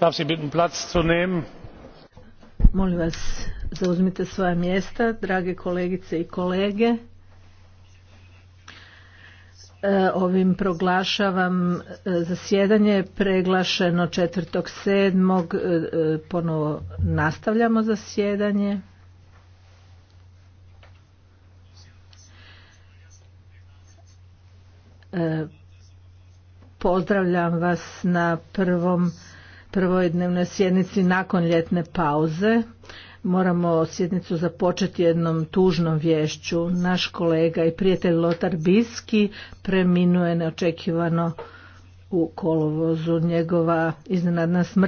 darf sie molim vas zauzmite svoja mjesta drage kolegice i kolege e, ovim proglašavam e, zasjedanje preglašeno sedmog e, ponovo nastavljamo zasjedanje pozdravljam vas na prvom prvoj dnevnoj sjednici nakon ljetne pauze. Moramo sjednicu započeti jednom tužnom vješću. Naš kolega i prijatelj Lotar Biski preminuje neočekivano u kolovozu njegova iznenadna smrt.